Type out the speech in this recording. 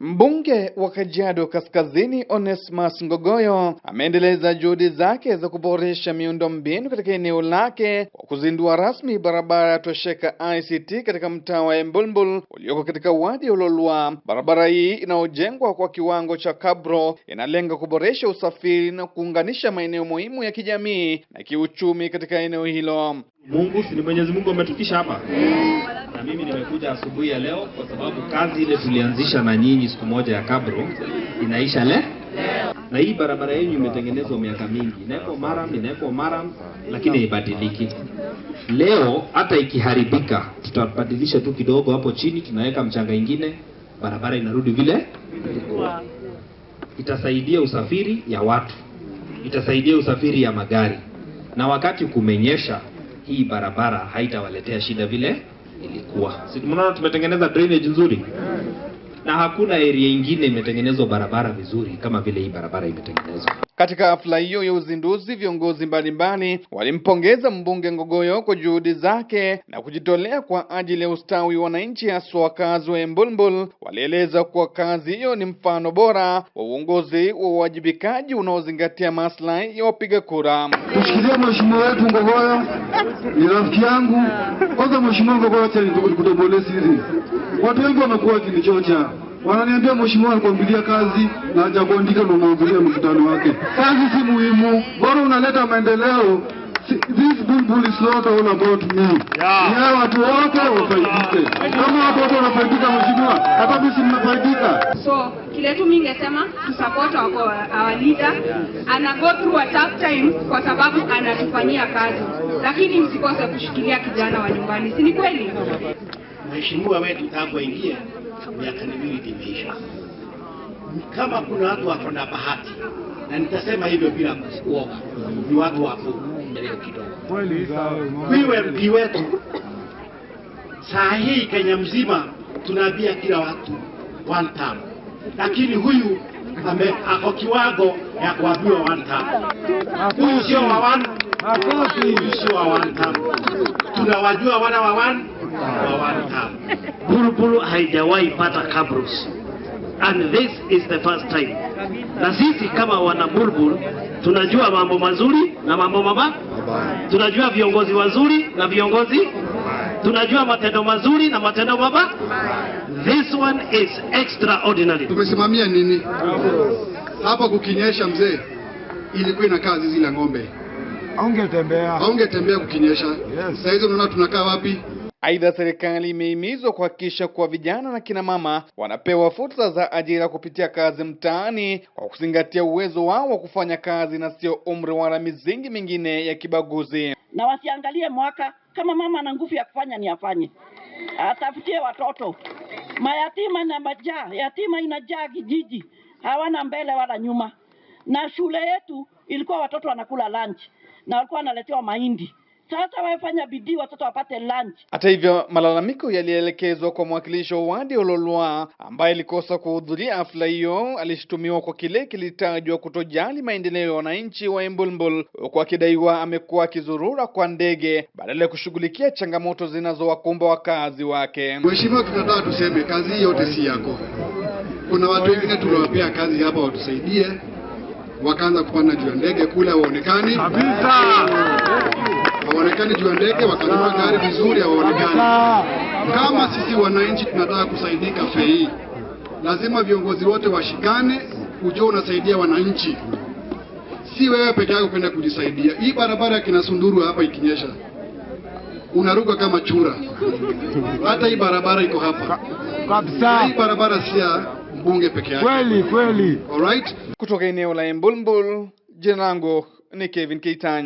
Mbunge wa Kajiado Kaskazini Onesmus Ngogoyo ameendeleza juhudi zake za kuboresha miundombinu katika eneo lake kwa kuzindua rasmi barabara ya Tosheka ICT katika mtaa wa Embulbul ulioko katika wadi ya Ulolwa. Barabara hii inayojengwa kwa kiwango cha kabro inalenga kuboresha usafiri na kuunganisha maeneo muhimu ya kijamii na kiuchumi katika eneo hilo. Mungu si ni Mwenyezi Mungu ametufikisha hapa, na mimi nimekuja asubuhi ya leo kwa sababu kazi ile tulianzisha na nyinyi siku moja ya kabro inaisha le na hii barabara yenu imetengenezwa miaka mingi, inaekwa maram inaekwa maram, lakini haibadiliki. Leo hata ikiharibika, tutabadilisha tu kidogo hapo chini, tunaweka mchanga ingine, barabara inarudi vile. Itasaidia usafiri ya watu, itasaidia usafiri ya magari, na wakati kumenyesha hii barabara haitawaletea shida vile ilikuwa. Si mnaona tumetengeneza drainage nzuri? na hakuna area ingine imetengenezwa barabara vizuri kama vile hii barabara imetengenezwa. Katika hafla hiyo ya uzinduzi, viongozi mbalimbali walimpongeza mbunge Ngogoyo kwa juhudi zake na kujitolea kwa ajili ya ustawi wa wananchi, hasa wakazi wa Embulbul. Walieleza kuwa kazi hiyo ni mfano bora wa uongozi wa uwajibikaji unaozingatia maslahi ya wapiga kura. Kushikilia mheshimiwa wetu Ngogoyo ni rafiki yangu kwanza. Mheshimiwa Ngogoyo, acha nikutobolee siri, watu wengi wamekuwa wakinichocha Wananiambia mheshimiwa alikuambilia kazi na hajakuandika na unahudhuria mkutano wake. Kazi si muhimu, bora unaleta maendeleo. This bill is not all about me. Yeah. Yeah, watu wote wafaidike. Kama watu wote wanafaidika mheshimiwa, hata mimi simnafaidika. So kile tu mimi ningesema to support our, our leader. Ana go through a tough time kwa sababu anatufanyia kazi. Lakini msikose kushikilia kijana wa nyumbani. Si ni kweli? Mheshimiwa wetu tutapoingia miaka miwili imeisha. Kama kuna watu wako na bahati, na nitasema hivyo bila kuoga, ni watu wako mbeleo kidogo, wiwe mji wetu saa hii Kenya mzima tunaambia kila watu one lakini huyu ame ako kiwango ya kuambiwa one Huyu sio wa one, huyu sio wa one Tunawajua wana wa one wa one Ikulu haijawahi pata Kabros and this is the first time. Na sisi kama wana Bulbul tunajua mambo mazuri na mambo mabaya, tunajua viongozi wazuri na viongozi, tunajua matendo mazuri na matendo mabaya. This one is extraordinary. Tumesimamia nini hapa? Kukinyesha mzee, ilikuwa ina kazi zile ng'ombe aungetembea, aungetembea kukinyesha. Yes. Sasa hizo unaona tunakaa wapi? Aidha, serikali imehimizwa kuhakikisha kuwa vijana na kina mama wanapewa fursa za ajira kupitia kazi mtaani kwa kuzingatia uwezo wao wa kufanya kazi na sio umri wala misingi mingine ya kibaguzi, na wasiangalie mwaka. Kama mama ana nguvu ya kufanya ni afanye, atafutie watoto mayatima na majaa yatima, inajaa kijiji, hawana mbele wala nyuma. Na shule yetu ilikuwa watoto wanakula lunch na walikuwa wanaletewa mahindi. Sasa wafanya bidii watoto wapate lunch. Hata hivyo, malalamiko yalielekezwa kwa mwakilishi wa wadi Ololwa ambaye alikosa kuhudhuria hafla hiyo. Alishutumiwa kwa kile kilitajwa kutojali maendeleo ya wananchi wa Embulbul, huku akidaiwa amekuwa akizurura kwa ndege badala ya kushughulikia changamoto zinazowakumba wakazi wake. Mheshimiwa, tunataka tuseme kazi hii yote si yako. Kuna watu wengine tuliwapea kazi hapa watusaidie, wakaanza kupanda juu ya ndege kule, waonekani hawaonekani juu ya ndege, wakanunua gari vizuri, hawaonekani. Kama sisi wananchi tunataka kusaidika fei, lazima viongozi wote washikane, ujue unasaidia wananchi, si wewe peke yako kwenda kujisaidia. Hii barabara ya Kinasunduru hapa ikinyesha unaruka kama chura. Hata hii barabara iko hapa kabisa. Hii barabara si ya mbunge peke yake, kweli kweli. Alright, kutoka eneo la Embulbul, jina langu ni Kevin Keitany.